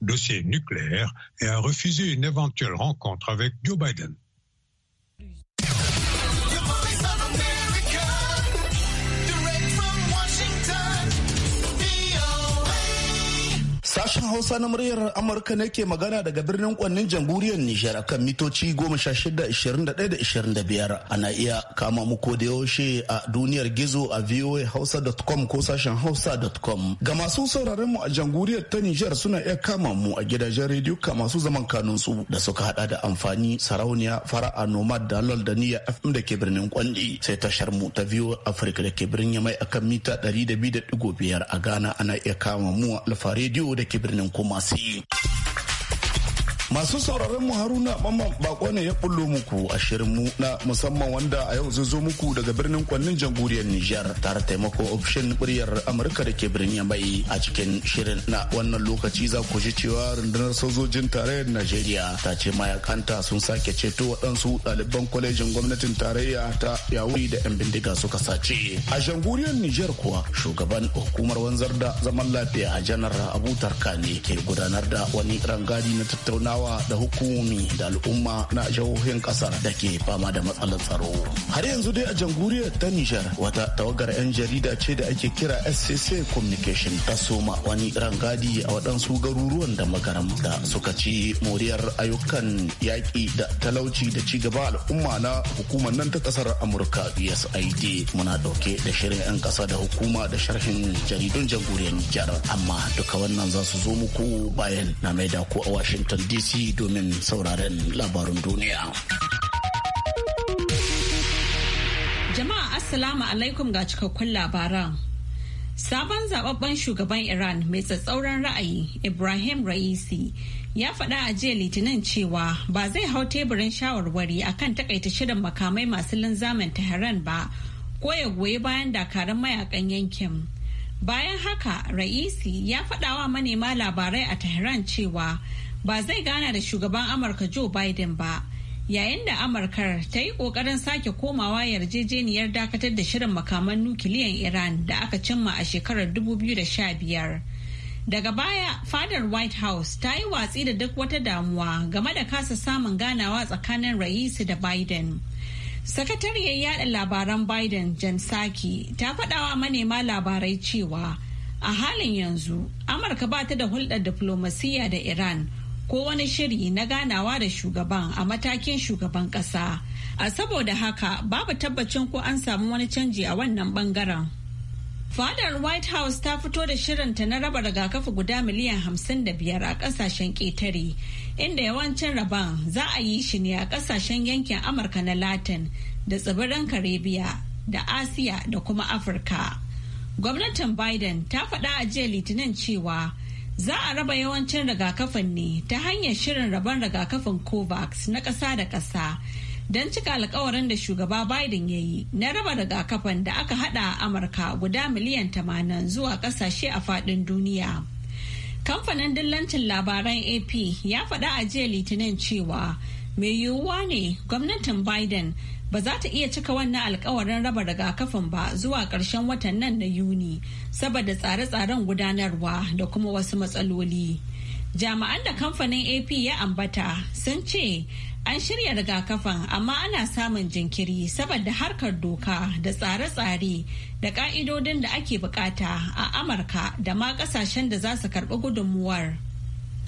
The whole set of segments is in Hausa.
dossier nucléaire et a refusé une éventuelle rencontre avec Joe Biden. Sashen Hausa na muryar Amurka ne ke magana daga birnin kwannin jamhuriyar Nijar kan mitoci 16-21-25. Ana iya kama muku da yaushe a duniyar gizo a voahausa.com ko sashen hausa.com. Ga masu sauraron mu a jamhuriyar ta Nijar suna iya kama mu a gidajen rediyo ka masu zaman kanunsu da suka hada da amfani sarauniya fara'a nomad da lal da niyya FM da ke birnin kwandi sai tashar mu ta VOA Africa da ke birnin yamai akan mita 200.5 a Ghana ana iya kama mu a alfa rediyo da ke ke birnin Kumasi. Masu sauraron mu Haruna Mamman Bako ne ya bullo muku a shirin mu na musamman wanda a yau zai zo muku daga birnin kwannin jamhuriyar Nijar tare taimako ofishin muryar Amurka da ke birnin Yamai a cikin shirin na wannan lokaci za ku ji cewa rundunar sojojin tarayyar Najeriya ta ce mayakanta sun sake ceto waɗansu ɗaliban kwalejin gwamnatin tarayya ta Yawuri da 'yan bindiga suka sace. A jamhuriyar Nijar kuwa shugaban hukumar wanzar da zaman lafiya a janar Abu Tarka ke gudanar da wani rangadi na tattaunawa adawa da hukumi da al'umma na jihohin kasar da ke fama da matsalar tsaro har yanzu dai a jamhuriyar ta nijar wata tawagar 'yan jarida ce da ake kira scc communication ta soma wani rangadi a waɗansu garuruwan da magaram da suka ci moriyar ayyukan yaƙi da talauci da ci gaba al'umma na hukumar nan ta kasar amurka usaid muna ɗauke da shirin 'yan ƙasa da hukuma da sharhin jaridun jamhuriyar nijar amma duka wannan za su zo muku bayan na maida ku a washington dc DC domin sauraron labarin duniya. Jama'a Assalamu alaikum ga cikakkun labaran. Sabon zababben shugaban Iran mai tsatsauran ra'ayi Ibrahim Raisi ya faɗa a jiya litinin cewa ba zai hau teburin shawarwari akan takaita shirin makamai masu linzamin Tehran ba ko ya goyi bayan dakarun mayakan yankin. Bayan haka, Raisi ya faɗawa manema labarai a Tehran cewa ba zai gana da shugaban amurka joe biden ba yayin da amurkar ta yi kokarin sake komawa yarjejeniyar dakatar da shirin makaman nukiliyan iran da aka cimma a shekarar 2015 daga baya fadar white house ta yi watsi da duk wata damuwa game da kasa samun ganawa tsakanin raisi da biden sakatariyar yada labaran biden jan saki ta faɗawa manema labarai cewa a halin yanzu amurka ba ta da hulɗar diflomasiyya da iran ko wani shiri na ganawa da shugaban a matakin shugaban kasa, A saboda haka babu tabbacin ko an samu wani canji a wannan bangaren. Fadar White House ta fito da shirinta na raba rigakafi guda miliyan hamsin da biyar a kasashen ƙetare, inda yawancin raban za a yi shi ne a kasashen yankin Amurka na Latin da tsibirin Karibiya da Asiya da kuma Afirka. Gwamnatin Biden ta faɗa a jiya Litinin cewa Za a raba yawancin rigakafin ne ta hanyar shirin rabon rigakafin COVAX na ƙasa da ƙasa don cika alkawarin da shugaba Biden ya yi na raba rigakafin da aka hada a Amurka guda miliyan tamanin zuwa ƙasashe a faɗin duniya. Kamfanin dillancin labaran AP ya faɗa a jiya Litinin cewa mai yiwuwa ne gwamnatin Biden ba za ta iya cika wannan alkawarin raba rigakafin ba zuwa ƙarshen watan nan na yuni saboda tsare-tsaren gudanarwa da kuma wasu matsaloli jami'an da kamfanin ap ya ambata sun ce an shirya rigakafin amma ana samun jinkiri saboda harkar doka da tsare-tsare da ka'idodin da ake bukata a amurka da ma kasashen da za su karbi gudunmuwar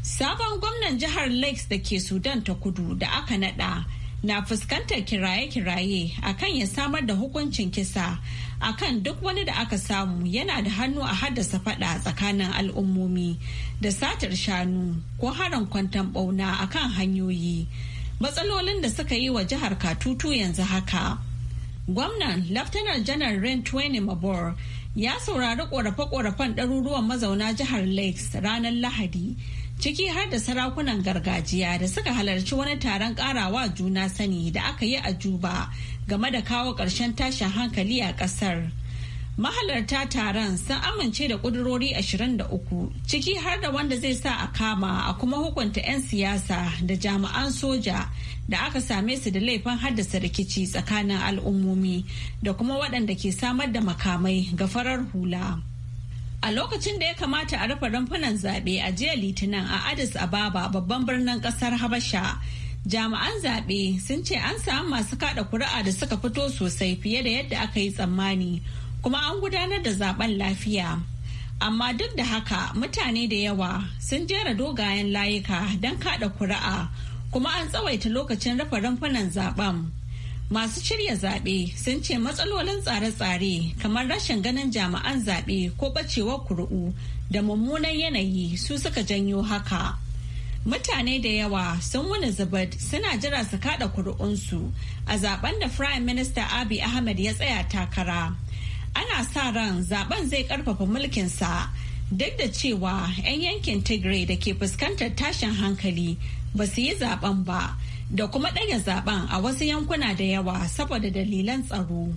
sabon gwamnan jihar lakes da ke sudan ta kudu da aka nada na fuskantar kiraye-kiraye akan ya samar da hukuncin kisa akan duk wani da aka samu yana da hannu a haddasa fada tsakanin al'ummomi da satar shanu ko harin kwantan bauna akan hanyoyi matsalolin da suka yi wa jihar katutu yanzu haka gwamnan laftanar janar Ren wayne mabor ya saurari korafe-korafen ɗaruruwan mazauna jihar lakes ranar lahadi ciki har da sarakunan gargajiya da suka halarci wani taron karawa juna sani da aka yi a juba game da kawo ƙarshen tashin hankali a ƙasar. mahalarta taron sun amince da kudurori 23 ciki har da wanda zai sa a kama a kuma hukunta 'yan siyasa da jami'an soja da aka same su da laifin haddasa rikici tsakanin al'ummomi da kuma waɗanda ke samar da makamai ga farar hula. A lokacin da ya kamata a rufe rumfunan zaɓe a jiya Litinin a Addis Ababa babban birnin ƙasar Habasha. Jami'an zaɓe sun ce an samu masu kaɗa kuri'a da suka fito sosai fiye da yadda aka yi tsammani, kuma an gudanar da zaben lafiya. Amma duk da haka mutane da yawa sun jera dogayen layuka don kaɗa kuri'a, kuma an tsawaita lokacin rufe rumfunan zaɓen. Masu shirya zaɓe sun ce matsalolin tsare-tsare kamar rashin ganin jami'an zaɓe ko ɓacewar kuru'u da mummunan yanayi su suka janyo haka. Mutane da yawa sun wani zubar suna jira su kada kuru'unsu a zaben da Prime Minister Abiy Ahmed ya tsaya takara. Ana sa ran zaben zai karfafa mulkinsa duk da cewa 'yan yankin Tigray da ke fuskantar tashin hankali ba su yi zaben ba. da kuma ɗaya zaben a wasu yankuna da yawa saboda dalilan tsaro.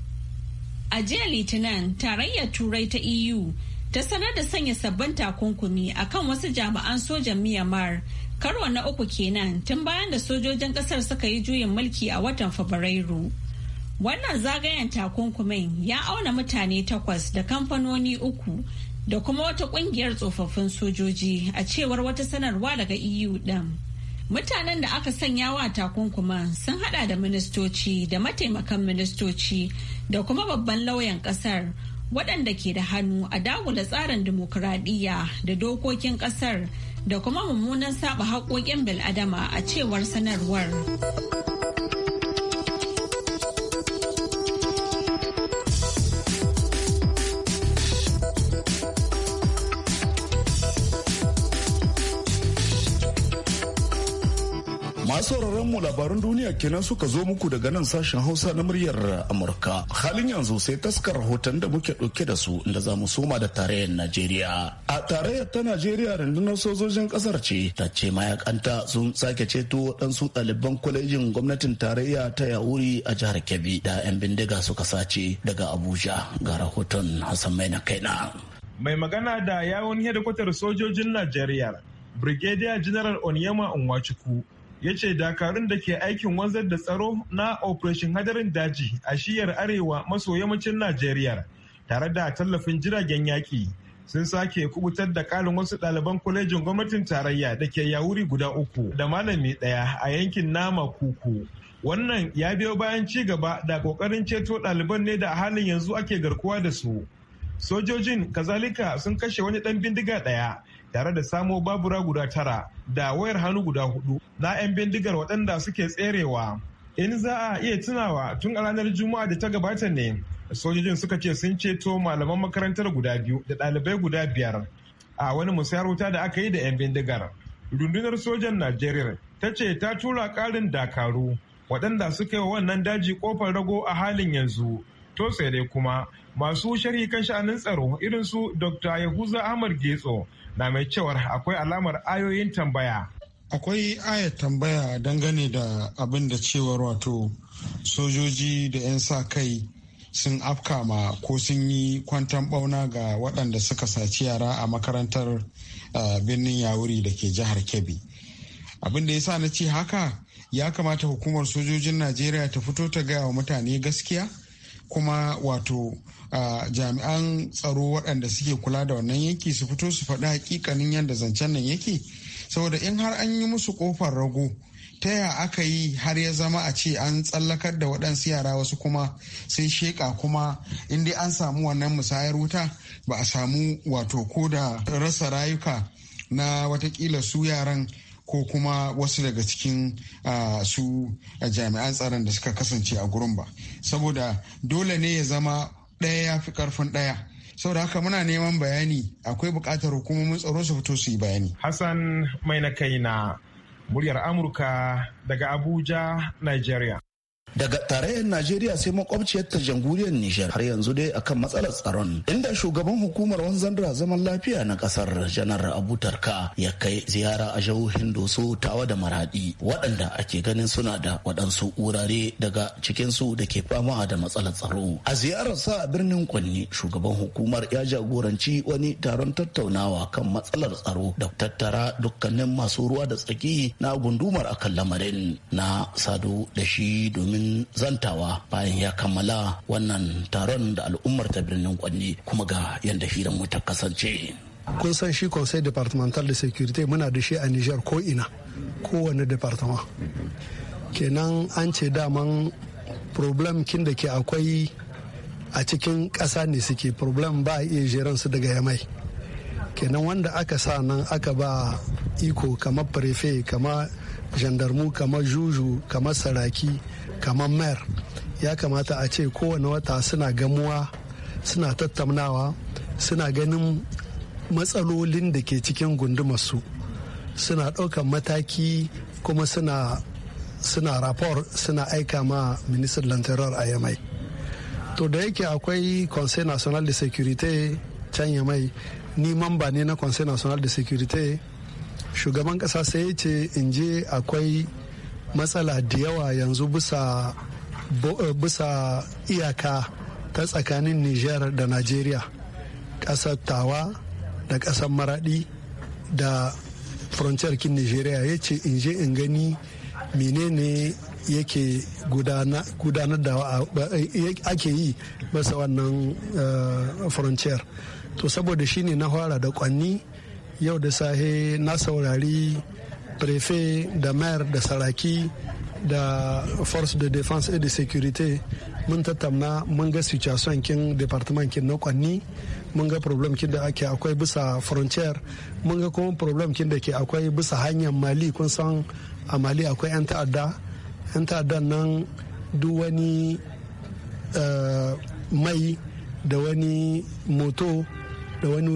A jiya Litinin, tarayyar Turai ta EU ta sanar da sanya sabbin takunkumi a kan wasu jami'an sojan Myanmar karo na uku kenan tun bayan da sojojin ƙasar suka yi juyin mulki a watan Fabrairu. Wannan zagayen takunkumin ya auna mutane takwas da kamfanoni uku da kuma wata ƙungiyar tsofaffin sojoji a cewar wata sanarwa daga EU ɗin. Mutanen da aka sanya wa takunkuma sun hada da ministoci da mataimakan ministoci da kuma babban lauyan kasar waɗanda ke da hannu a dagula tsarin dimokuraɗiyya da dokokin ƙasar da kuma mummunan saba haƙoƙin bil'adama a cewar sanarwar. sauraron mu labarun duniya kenan suka zo muku daga nan sashen hausa na muryar amurka halin yanzu sai taskar rahoton da muke ɗauke da su da za mu soma da tarayyar najeriya a tarayyar ta najeriya rundunar sojojin kasar ce ta ce mayakanta sun sake ceto waɗansu ɗaliban kwalejin gwamnatin tarayya ta yauri a jihar kebbi da 'yan bindiga suka sace daga abuja ga rahoton hassan mai na kaina mai magana da yawon hedikwatar sojojin najeriya brigadier general onyema onwachukwu ya ce dakarun da ke aikin wanzar da tsaro na operation hadarin daji a shiyar arewa maso yammacin najeriya tare da tallafin jiragen yaki sun sake kubutar da ƙarin wasu ɗaliban kwalejin gwamnatin tarayya da ke yawuri guda uku da malami ɗaya a yankin nama kuku wannan ya biyo bayan ci gaba da ƙoƙarin ceto ɗaliban ne da a halin yanzu ake garkuwa da su sojojin kazalika sun kashe wani ɗan bindiga ɗaya tare da samo babura guda tara da wayar hannu guda hudu na 'yan bindigar waɗanda suke tserewa. In za a iya tunawa tun a ranar Juma'a da ta gabata ne, sojojin suka ce sun ceto malaman makarantar guda biyu da ɗalibai guda biyar a wani musayar wuta da aka yi da 'yan bindigar. Rundunar sojan Najeriya ta ce ta tura ƙarin dakaru waɗanda suka yi wannan daji ƙofar rago a halin yanzu. To sai dai kuma masu sharhi kan sha'anin tsaro irin su Dr. Yahuza Ahmad Getso na mai cewar akwai alamar ayoyin tambaya akwai ayar tambaya dangane da abin da cewar wato sojoji da 'yan sa kai sun afka ma ko sun yi kwantan bauna ga waɗanda suka saci yara a makarantar birnin yawuri da ke jihar kebbi abin da ya sa na ce haka ya kamata hukumar sojojin najeriya ta fito ta gaya wa mutane gaskiya kuma wato jami'an tsaro waɗanda suke kula da wannan yanki su fito su faɗi hakikanin yadda zancen nan yake saboda in har an yi musu kofar rago ta ya aka yi har ya zama a ce an tsallakar da waɗansu yara wasu kuma sun sheƙa kuma in dai an samu wannan musayar wuta ba a samu wato ko da rasa rayuka na watakila su yaran ko kuma wasu daga cikin su jami'an tsaron da suka kasance a gurin ba saboda dole ne ya zama ɗaya ya fi ƙarfin ɗaya saboda haka muna neman bayani akwai buƙatar hukumomin tsaro su fito su yi bayani hassan mai na kai na muryar amurka daga abuja nigeria daga tarayyar najeriya sai makwabciyar ta jamhuriyar nijar har yanzu dai akan matsalar tsaron inda shugaban hukumar wanzan da zaman lafiya na kasar janar abutarka ya kai ziyara a jihohin doso tawa da maradi waɗanda ake ganin suna da waɗansu wurare daga cikinsu da ke fama da matsalar tsaro a ziyararsa a birnin kwanni shugaban hukumar ya jagoranci wani taron tattaunawa kan matsalar tsaro da tattara dukkanin masu ruwa da tsaki na gundumar akan lamarin na sado da shi domin zantawa bayan ya kammala wannan taron da al'ummar ta birnin kwanni kuma ga yadda hiran mu ta kasance. kun san shi conseil departemental de security muna da shi a niger ko ina kowane departement kenan an ce daman problem kin da ke akwai a cikin ƙasa ne suke problem ba a iya jeran su daga yamai kenan wanda aka sa nan aka ba iko kamar prefe kama. jandarmu kamar juju kamar saraki kamar Mer ya kamata a ce kowane wata suna gamuwa suna tattaunawa suna ganin matsalolin da ke cikin gundumarsu suna ɗaukan mataki kuma suna suna rapor suna aika ma ministan lantarar a yamai to da yake akwai conseil national de securite can yamai ni mamba ne na conseil national de securite shugaban kasa sai ya ce in je akwai matsala da yawa yanzu bisa eh, iyaka ta tsakanin niger da nigeria ƙasar tawa da ƙasar maradi da frontier kin nigeria ya ce in je in gani menene yake gudanar da eh, eh, ake yi basa wannan frontier to saboda shine na fara da kwanni yau da sahe na saurari prefe da mayar da saraki da force de defense et de sécurité mun tattauna mun ga situation kin department kin na kwanni mun ga problem kin da ake akwai bisa frontier mun ga kuma problem kin da ke akwai bisa hanyar mali kun san a mali akwai 'yan ta'adda 'yan ta'adda nan duk wani eh, mai da wani moto da wani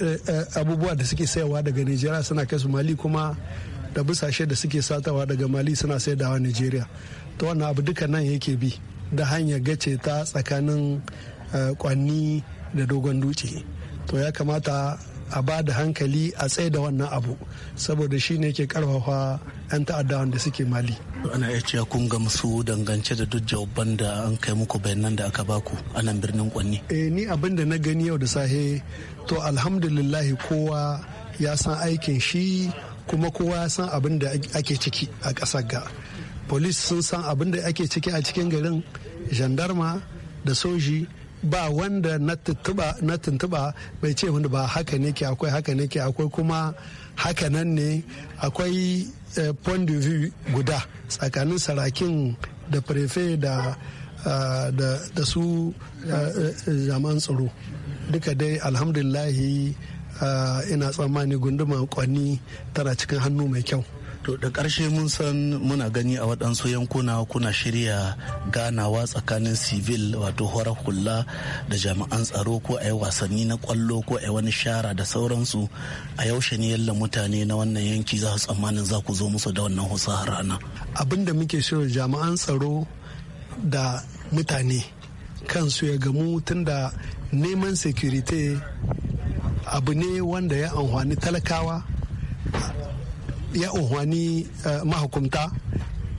Eh, abubuwa da suke sayawa daga nigeria suna kai su mali kuma da busashe da suke satawa daga mali suna wa nigeria ta wannan abu duka nan yake bi da hanyar gace ta tsakanin eh, kwanni da dogon dutse to ya kamata a ba da hankali a tsaye da wannan abu saboda shi ne ke karfafa 'yan ta'adda wanda suke mali ana iya cewa kun gamsu dangance da duk jawaban da an kai muku bayanan da aka baku a nan birnin kwanni eh ni abin da na gani yau da sahe to alhamdulillahi kowa ya san aikin shi kuma kowa ya san abin da ake ciki a ƙasar ga polis sun san abin da ake ciki a cikin garin gendarma da soji ba wanda na tuntuba bai ce wanda ba haka ne ke akwai haka ne ke akwai kuma haka nan ne akwai Eh, point de vue guda tsakanin sarakin da prefe da ah, da su zaman ah, eh, eh, tsaro duka dai alhamdulillahi ah, ina tsammani gunduma kwanni tana cikin hannu mai kyau To da karshe mun san muna gani a waɗansu yankuna kuna shirya ganawa tsakanin civil wato horar hula da jami'an tsaro ko a yi wasanni na kwallo ko a yi wani shara da sauransu a yaushe ne yalla mutane na wannan yanki za su tsammanin za ku zo musu da wannan husa rana. Abin da muke so jami'an tsaro da mutane kansu ya gamu tun da neman security abu ne wanda ya amfani talakawa ya unhwani eh, mahukumta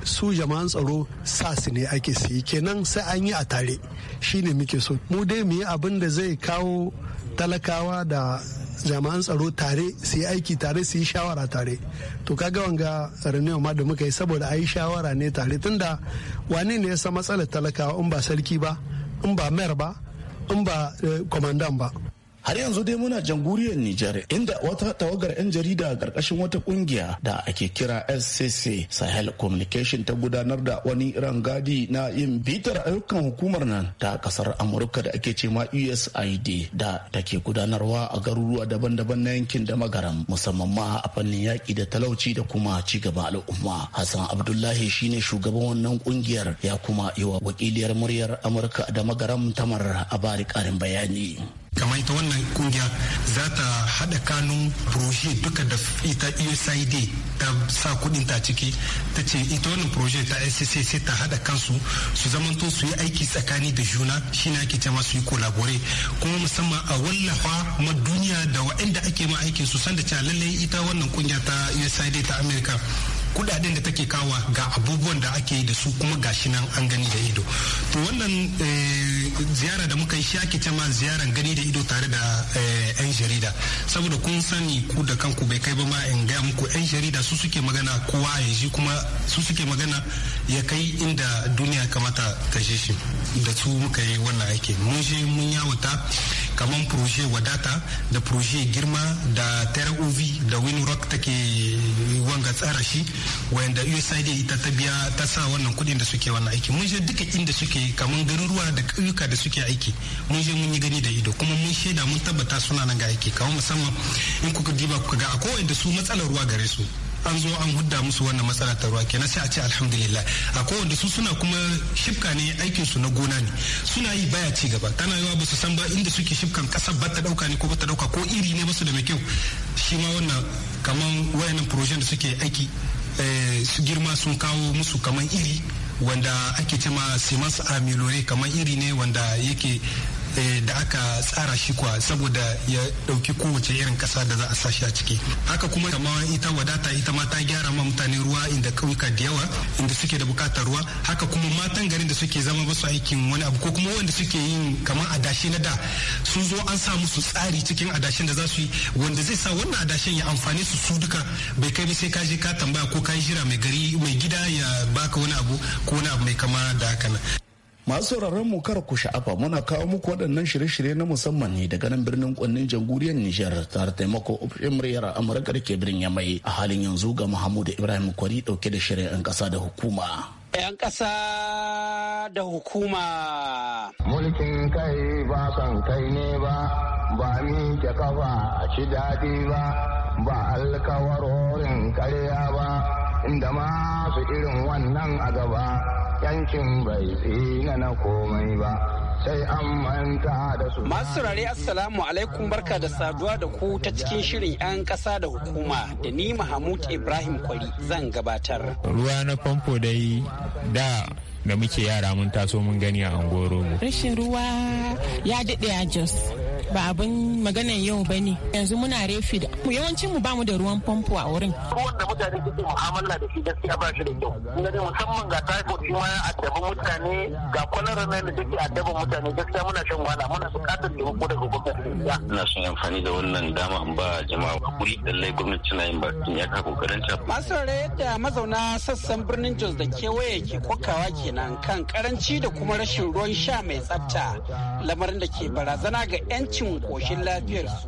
su jama'an tsaro sa su ne ake siyi kenan sai an yi a tare shi ne muke so mu dai mu yi abin da zai kawo talakawa da jama'an tsaro tare su yi aiki tare su yi shawara tare to kaga wanga renewa ma da muka yi saboda a yi shawara ne tare tunda wani ne ya sa matsalar talakawa in ba sarki ba in ba mayar ba in ba kwamandan eh, ba har yanzu dai muna janguriyar Nijar inda wata tawagar 'yan jarida karkashin wata ƙungiya da ake kira SCC Sahel Communication ta gudanar da wani rangadi na yin bitar ayyukan hukumar nan ta ƙasar Amurka da ake cema USAID da take gudanarwa a garuruwa daban-daban na yankin da magaram musamman ma a fannin yaƙi da talauci da kuma ci gaba al'umma. Hassan Abdullahi shine shugaban wannan ƙungiyar ya kuma yi wa wakiliyar muryar Amurka da magaram tamar a bari ƙarin bayani. kamar ita wannan kungiya za ta haɗa kanun proje duka da ita usaid e ta sa kudin ta ciki ta ce ita wannan proje ta scc sai ta haɗa kansu su zamanto su yi aiki tsakani da juna shi na ake cewa su yi kolabore kuma musamman a wallafa ma duniya da wa'anda ake ma aikin su san da cewa lallai ita wannan kungiya ta usaid e ta america kudaden da take kawa ga abubuwan da ake yi da su kuma gashi nan an gani da ido to wannan eh, ziyara da muka yi shi ake cema ziyaran gani da ido tare da eh, yan jarida saboda kun sani ku da kanku bai kai ba ma in gaya muku yan jarida su suke magana kowa ya ji kuma su suke magana ya kai inda duniya kamata ta je shi da su muka yi wannan aiki mun je mun yawata kamar proje wadata da proje girma da terra da winrock take tsara shi wanda USAID ita ta biya ta sa wannan kudin da suke wannan aiki mun je duka inda suke kamar garuruwa da ƙauyuka da suke aiki mun je mun yi gani da ido kuma mun shaida mun tabbata suna nan ga aiki kamar musamman in kuka diba kuka ga a akwai wanda su matsalar ruwa gare su an zo an hudda musu wannan matsala ta ruwa kenan sai a ce alhamdulillah a kowanne su suna kuma shifka ne aikin su na gona ne suna yi baya ci gaba tana yawa ba su san ba inda suke shifkan kasa ba ta dauka ne ko ba ta dauka ko iri ne ba su da mai kyau shi ma wannan kaman wayannan projen da suke aiki eh, su girma sun kawo musu kaman iri wanda ake cema simas amilore kaman iri ne wanda yake Eh, da aka tsara shi kuwa saboda ya dauki kowace irin kasa da za a sa shi a ciki haka kuma kama ita wadata ita ma ta gyara ma mutane ruwa inda kauyuka da yawa inda suke da bukatar ruwa haka kuma matan garin da suke zama basu aikin wani abu ko kuma wanda suke yin kama adashi na da sun zo an sa musu tsari cikin adashin da za su yi wanda zai sa wannan adashin ya amfani su su duka bai kai ba sai ka je ka tambaya ko ka yi jira mai gari mai gida ya baka wani abu ko wani abu mai kama da haka nan Masu sauraron mu kar ku sha'afa muna kawo muku waɗannan shirye-shirye na musamman ne daga nan birnin kwannin jamhuriyar Nijar tare taimako ofishin muryar Amurka da ke birnin Yamai a halin yanzu ga Muhammadu Ibrahim Kwari dauke da shirye ƙasa da hukuma. 'Yan ƙasa da hukuma. Mulkin kai ba kan kai ne ba, ba ni ke kafa a ci daɗi ba, ba alkawarorin karya ba, inda masu irin wannan a gaba. yankin bai tsina na komai ba sai an manta da su masu saurare assalamu alaikum barka da saduwa da ku ta cikin shirin 'yan kasa da hukuma da ni mahamud ibrahim kwari zan gabatar ruwa na famfo dai da da muke yara mun taso mun gani a angoro mu rashin ruwa ya daɗe a jos ba abin maganan yau ba ne yanzu muna refi da yawancin mu bamu da ruwan famfo a wurin ruwan da mutane suke mu'amala da shi gaskiya ba shi da kyau ina musamman ga typhoid shi ma ya addabi mutane ga kwalara nan da take addabin mutane gaskiya muna shan wahala muna buƙatar da taimako daga gwamnati ina son amfani da wannan dama in ba jama'a ba. hakuri lallai gwamnati tana yin bakin ya ka kokarin ta masarare yadda mazauna sassan birnin Jos da kewaye ke kokawa kenan kan karanci da kuma rashin ruwan sha mai tsafta lamarin da ke barazana ga 'yanci rashin koshin lafiyarsu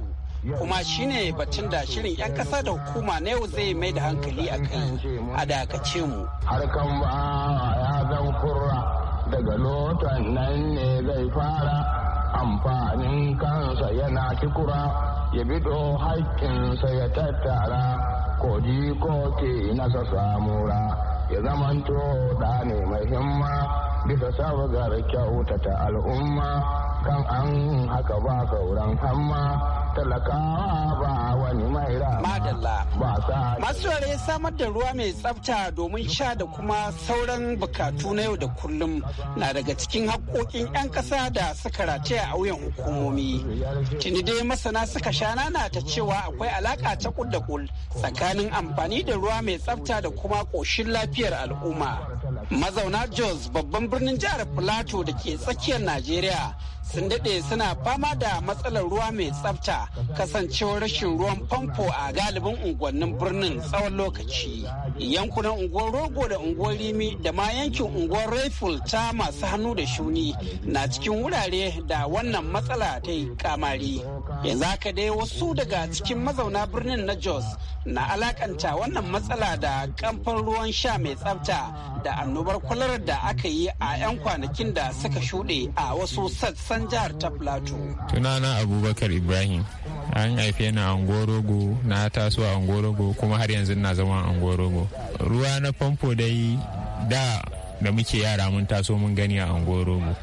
kuma shine batun da shirin 'yan kasa da hukuma na yau zai mai da hankali a kai a dakace mu harkan ba ya zan kurra daga lotan nan ne zai fara amfanin kansa yana kikura ya bido haƙƙinsa ya tattara ko ko ke nasa samura ya zamanto da ne mai himma bisa sabgar kyautata al'umma kan an haka ba sauran hamma talakawa ba wani mai Madalla. Masu yare samar da ruwa mai tsafta domin sha da kuma sauran bukatu na yau da kullum na daga cikin haƙoƙin 'yan ƙasa da suka rataya a wuyan hukumomi. Tuni dai masana suka sha nana ta cewa akwai alaƙa ta kul da kul tsakanin amfani da ruwa mai tsafta da kuma ƙoshin lafiyar al'umma. Mazauna Jos babban birnin jihar Plateau da ke tsakiyar Najeriya sun daɗe suna fama da matsalar ruwa mai tsafta kasancewar rashin ruwan famfo a galibin unguwannin birnin tsawon lokaci yankunan unguwar rogo da unguwar rimi da ma yankin unguwar rifle ta masu hannu da shuni na cikin wurare da wannan matsala ta yi kamari yanzu haka dai wasu daga cikin mazauna birnin na jos na alakanta wannan matsala da kamfan ruwan sha mai tsafta da annobar kwalarar da aka yi a 'yan kwanakin da suka shuɗe a wasu sassa kasan jihar ta plateau tunana abubakar ibrahim an haife ni angorogo na taso a angorogo kuma har yanzu na zama angorogo ruwa na famfo dai da da muke yara mun taso mun gani a angorogo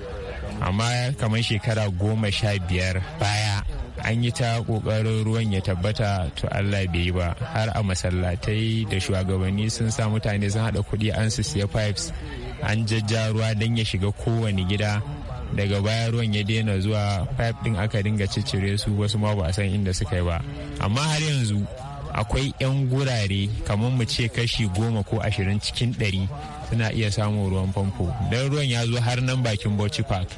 amma kamar shekara goma sha biyar baya an yi ta kokarin ruwan ya tabbata to Allah bai yi ba har a masallatai da shugabanni sun sa mutane sun hada kudi an su siya pipes an jajja ruwa don ya shiga kowane gida daga baya ruwan ya daina zuwa pipe din aka dinga ciccire su wasu ma ba a san inda suka yi ba amma har yanzu akwai 'yan gurare kamar mu ce kashi goma ko ashirin cikin ɗari suna iya samun ruwan famfo don ruwan ya zo har nan bakin bauchi park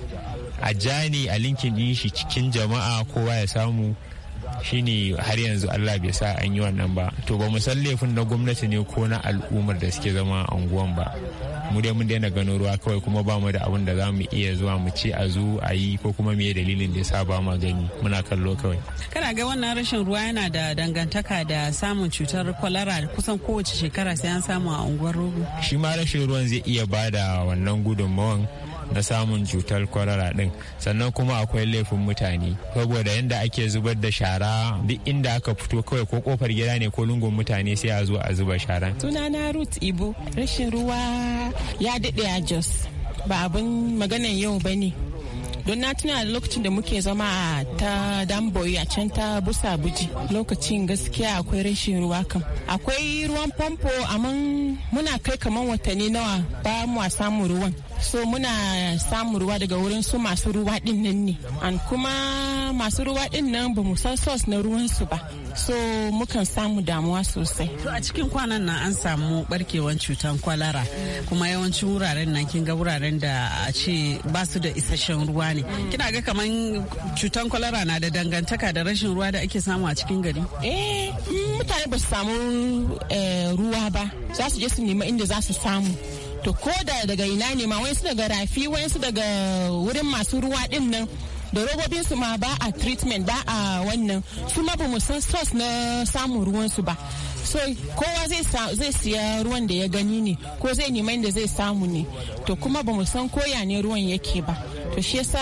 a ja ne a linkin shi cikin jama'a kowa ya samu shine har yanzu Allah bai sa an yi wannan ba to ba mu san laifin na gwamnati ne ko na al'ummar da suke zama a unguwan ba mu dai mun daina gano ruwa kawai kuma ba mu da abin da za mu iya zuwa mu ce a zo a yi ko kuma me dalilin da yasa ba ma gani muna kallo kawai kana ga wannan rashin ruwa yana da dangantaka da samun cutar kwalara kusan kowace shekara sai an samu a unguwar rogo shi ma rashin ruwan zai iya bada wannan gudunmawan na samun cutar kwarara din sannan kuma akwai laifin mutane saboda yadda ake zubar da shara duk inda aka fito kawai ko kofar gida ne ko lungun mutane sai a zo a zuba sharan sunana ruth ibo rashin ruwa ya daɗe a jos ba abin maganan yau ba ne don na tuna da lokacin da muke zama ta damboyi a can ta busa buji lokacin gaskiya akwai rashin ruwa kam akwai ruwan famfo amma muna kai kaman watanni nawa ba mu samun ruwan so muna samun ruwa daga wurin su masu ruwa din nan ne an kuma masu ruwa din nan ba mu san sos na ruwan su ba so mukan samu damuwa sosai to a cikin kwanan nan an samu barkewan cutan kwalara kuma yawancin wuraren nan kin ga wuraren da a ce ba su da isasshen ruwa ne kina ga kaman cutan kwalara na da dangantaka da rashin ruwa da ake samu a cikin gari eh mutane ba su samu eh, ruwa ba za su je su nema inda za su samu to ko da daga ina ne ma wayansu daga rafi wayansu daga wurin masu ruwa din nan da robobinsu su ma ba a treatment ba a wannan su ma ba san source na samun ruwansu ba so kowa zai siya ruwan da ya gani ne ko zai neman da zai samu ne to kuma ba san koya ne ruwan yake ba to shi yasa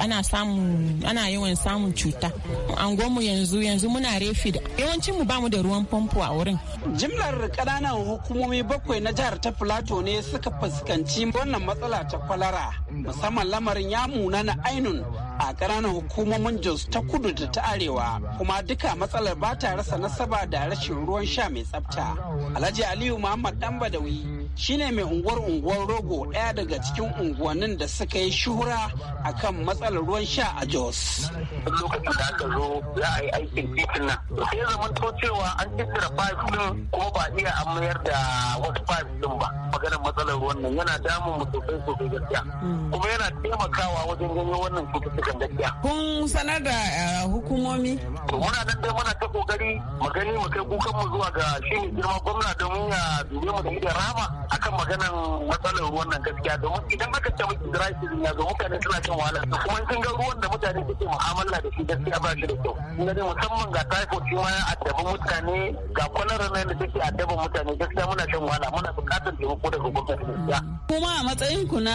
ana samun ana yawan samun cuta angonmu yanzu yanzu muna refi yawancin mu bamu da ruwan famfo a wurin jimlar kananan hukumomi bakwai na jihar ta plateau ne suka fuskanci wannan matsala ta kwalara musamman lamarin ya na ainun a kananan hukumomin jos ta kudu da ta arewa kuma duka matsalar ba ta rasa nasaba da rashin ruwan sha mai tsafta alhaji aliyu muhammad dan badawi shine mai unguwar unguwar rogo ɗaya daga cikin unguwannin da suka yi shuhura a kan matsalar ruwan sha a jos lokacin da aka zo za a yi aikin titin nan sai zaman to cewa an tattara pipe din kuma ba iya an mayar da wasu pipe din ba maganar matsalar ruwan nan yana damun mu sosai sosai gaskiya mm. kuma yana taimakawa wajen janyo wannan cututtukan gaskiya kun sanar da eh, hukumomi muna nan dai muna ta kokari mu gani mu kai kukan mu zuwa ga shi girma gwamna domin ya dube mu da rama akan maganan matsalar ruwan nan gaskiya domin idan aka ce miki dry season ya zo mutane suna cin wahala kuma sun ga ruwan da mutane suke mu'amala da shi gaskiya ba shi da kyau ina ne musamman ga typhoid shi ma ya addabi mutane ga kwalara nan da take addaban mutane gaskiya muna cin wahala muna buƙatar taimako daga gwamnati gaskiya kuma a matsayin ku na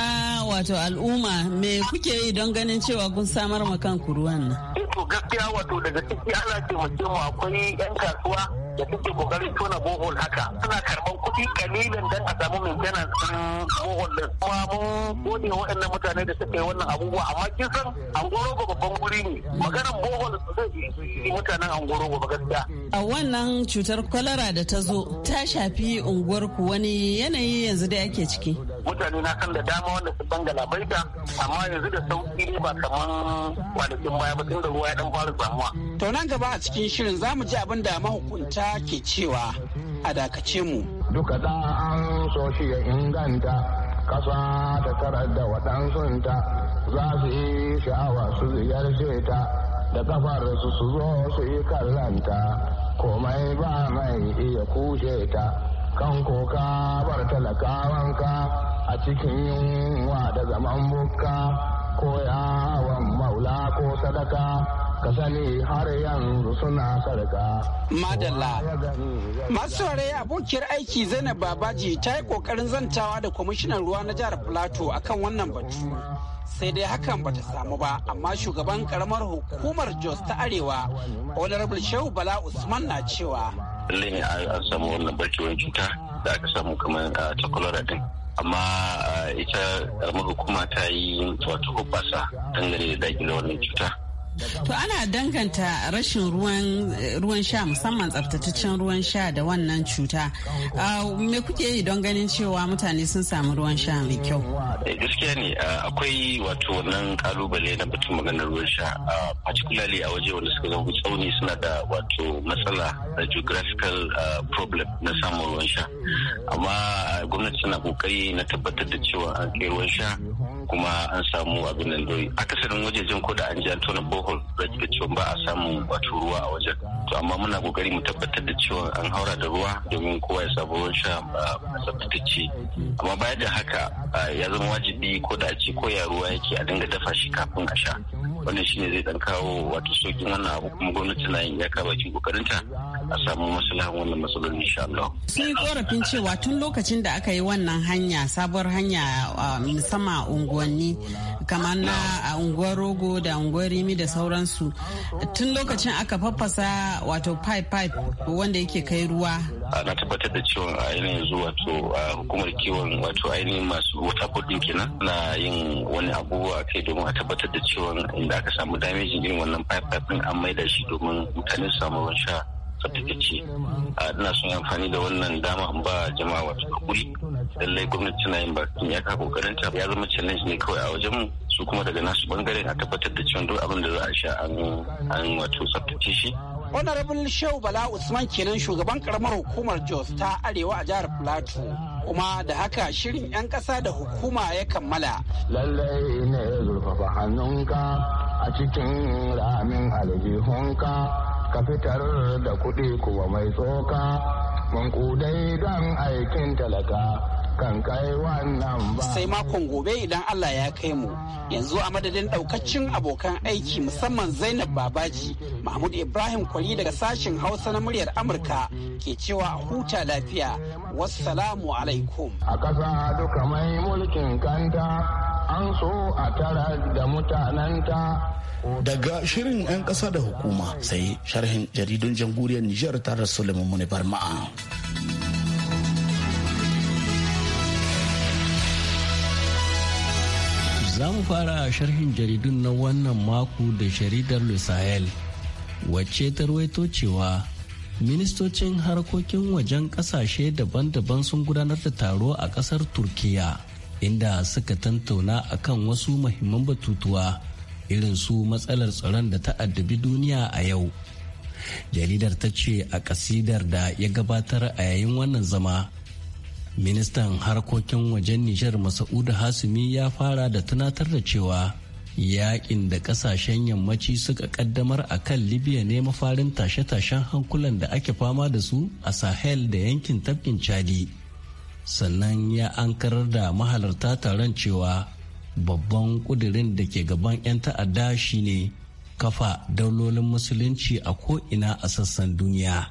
wato al'umma me kuke yi don ganin cewa kun samar ma kanku ruwan nan eh, to gaskiya wato daga ciki ana taimake mu akwai yan kasuwa da suke kokarin tona bohol haka suna karban kuɗi kalilin dan a a samu maintenance din bohol din kuma mun gode wa waɗannan mutane da suka yi wannan abubuwa amma kin san angorogo babban guri ne maganar bohol zai yi mutanen angorogo ba gaskiya a wannan cutar kwalara da ta zo ta shafi unguwarku wani yanayi yanzu da ake ciki mutane na san da dama wanda su banga labaita amma yanzu da sauki ne ba kamar kwanakin baya ba tun da ruwa ya dan fara samuwa to nan gaba a cikin shirin za mu ji abin da mahukunta ke cewa a dakace mu duka da an so shi ya inganta kasa ta karar da waɗansunta za su yi sha'awa su ziyarce ta da kafar su su zo su yi kallanta komai ba mai iya kushe ta kan koka bar talakawanka a cikin yunwa da zaman bukka ko yawon maula ko sadaka ka sani har yanzu suna sarka. Madalla. Masu saurare abokiyar aiki Zainab Babaji ta yi kokarin zantawa da kwamishinan ruwa na jihar Plateau akan wannan batu. Sai dai hakan bata samu ba, amma shugaban karamar hukumar Jos ta Arewa, Honorable Shehu Bala Usman na cewa. Lallai ne an samu wannan barkewar cuta da aka samu kamar ta kwalara din. amma ita karamar hukuma ta yi wata hubbasa dangane da dakile wannan cuta To ana danganta rashin ruwan sha musamman tsaftataccen ruwan sha da wannan cuta. Ah, me kuke yi don ganin cewa mutane sun samu ruwan sha mai kyau? Eh, gaskiya ne ah, akwai wato wannan kalubale na batun maganar ruwan sha ah, particularly a waje wanda suka zama tsauni suna da wato matsala a geographical problem na samun ruwan sha. Amma gwamnati suna kokari na tabbatar da cewa an kai ruwan sha kuma an samu abin nan dai akasarin wajejen ko da an ji an tona bohol da ke cewa ba a samu wato ruwa a wajen to amma muna kokari mu tabbatar da cewa an haura da ruwa domin kowa ya samu ruwan sha tsaftatacce amma bayan da haka ya zama wajibi ko da a ce ko ya ruwa yake a dinga dafa shi kafin a sha wannan ne zai dan kawo wato sokin wannan abu kuma gwamnati na yin iyaka bakin kokarinta a samu maslahan wannan matsalolin insha Allah sun yi korafin cewa tun lokacin da aka yi wannan hanya sabuwar hanya musamman unguwanni kamar na unguwar rogo da unguwar rimi da sauransu tun lokacin aka faffasa wato pipe pipe wanda yake kai ruwa na tabbatar da cewa a yanayin wato to hukumar kiwon wato ainihin masu wata board kenan na yin wani abubuwa kai domin a tabbatar da cewa inda da aka samu damejin irin wannan pipe din an maida shi domin mutane su samu ruwan sha a ina son amfani da wannan dama in ba jama'a wato hakuri lallai gwamnati tana yin bakin ya kawo kokarin ta ya zama challenge ne kawai a wajen su kuma daga nasu bangaren a tabbatar da cewa duk abin da za a sha an wato tsaftace shi honorable shehu bala usman kenan shugaban karamar hukumar jos ta arewa a jihar plateau kuma da haka shirin 'yan kasa da hukuma ya kammala lallai ne zurfafa hannunka a cikin ramin aljihunka ka fitar da kuɗi kuwa mai tsoka mankudai don aikin talaka kan kai wannan ba sai makon gobe idan Allah ya kai mu yanzu a madadin daukacin abokan aiki musamman Zainab Babaji Mahmud Ibrahim Kwari daga sashen Hausa na muryar Amurka ke cewa a huta lafiya wassalamu alaikum a ƙasa duka mai mulkin kanta an so a tara da mutanenta daga shirin 'yan ƙasa da hukuma sai sharhin jaridun jamhuriyar nijar tare suleiman muni barma'a za mu fara sharhin jaridun na wannan mako da jaridar Lusayel, wacce ta ruwaito cewa ministocin harkokin wajen ƙasashe daban-daban sun gudanar da taro a ƙasar Turkiyya. inda suka tantauna a kan wasu mahimman batutuwa irin su matsalar tsaron da ta addabi duniya a yau jaridar ta ce a kasidar da ya gabatar a yayin wannan zama ministan harkokin wajen nijar masa'udu hasumi ya fara da tunatar da cewa yakin da kasashen yammaci suka kaddamar a kan libya ne mafarin tashe-tashen hankulan da ake fama da su a sahel da yankin tafkin chadi sannan ya ankarar da mahalarta taron cewa babban kudirin da ke gaban 'yan ta'adda shine kafa daulolin musulunci a ko'ina a sassan duniya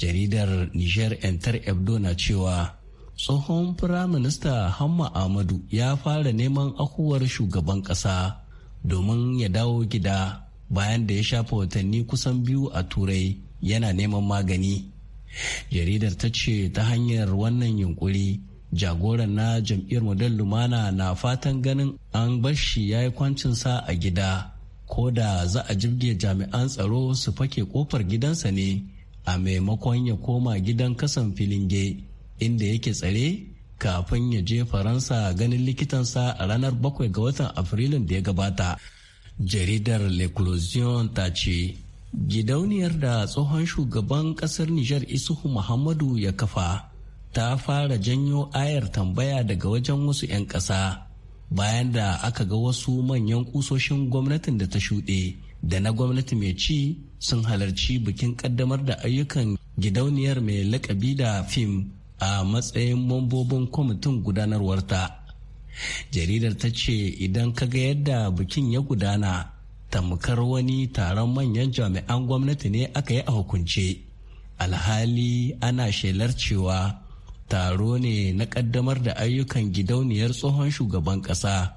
jaridar niger enter ebdo na cewa tsohon firaminista hamma amadu ya fara neman akuwar shugaban ƙasa domin ya dawo gida bayan da ya shafa watanni kusan biyu a turai yana neman magani jaridar ta ce ta hanyar wannan yunkuri jagoran na jam'iyyar model lumana na fatan ganin an bashi ya yi kwancinsa a gida ko da za a jibge jami'an tsaro su fake kofar gidansa ne a maimakon ya koma gidan kasan filinge inda yake tsare kafin ya je faransa ganin likitansa a ranar bakwai ga watan afrilun da ya gabata jaridar l'eclosion ta ce Gidauniyar da tsohon shugaban kasar Nijar Isuhu Muhammadu ya kafa ta fara janyo ayar tambaya daga wajen wasu 'yan ƙasa bayan da aka ga wasu manyan kusoshin gwamnatin da ta shuɗe da na gwamnati mai ci sun halarci bikin ƙaddamar da ayyukan gidauniyar mai lakabi da fim a matsayin mambobin kwamitin gudanarwarta. jaridar ta ce idan ka ga yadda bikin ya gudana tamkar wani taron manyan jami'an gwamnati ne aka yi a hukunce alhali ana shelar cewa taro ne na ƙaddamar da ayyukan gidauniyar tsohon shugaban ƙasa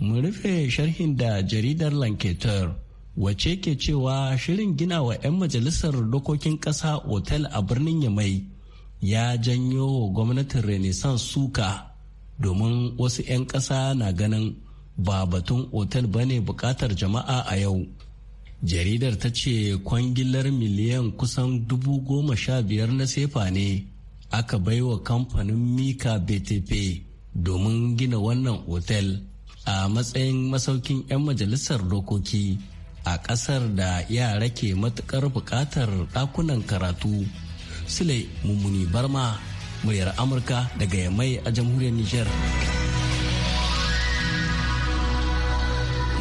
mu rufe sharhin da jaridar lanketer wace ke cewa shirin gina wa 'yan majalisar dokokin ƙasa otel a birnin yamai ya janyo gwamnatin renaissance suka domin wasu 'yan ƙasa na ganin ba batun otal ba ne bukatar jama'a a yau jaridar ta ce kwangilar miliyan kusan dubu goma sha biyar na sefa ne aka baiwa kamfanin mika btp domin gina wannan otal a matsayin masaukin 'yan majalisar dokoki a ƙasar da yara ke matukar bukatar ɗakunan karatu sule mummuni barma muryar amurka daga yamai a jamhuriyar niger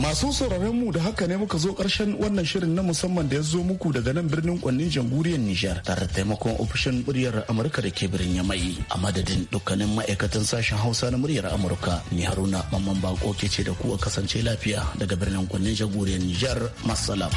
Masu sauraron mu da haka ne muka zo karshen wannan shirin na musamman da ya zo muku daga nan birnin kwannin jamhuriyar Nijar tare da taimakon ofishin muryar Amurka da ke birnin Yamai a madadin dukkanin ma'aikatan sashen Hausa na muryar Amurka ni Haruna Mamman Bako ke ce da ku a kasance lafiya daga birnin kwannin jamhuriyar Nijar. Masalam.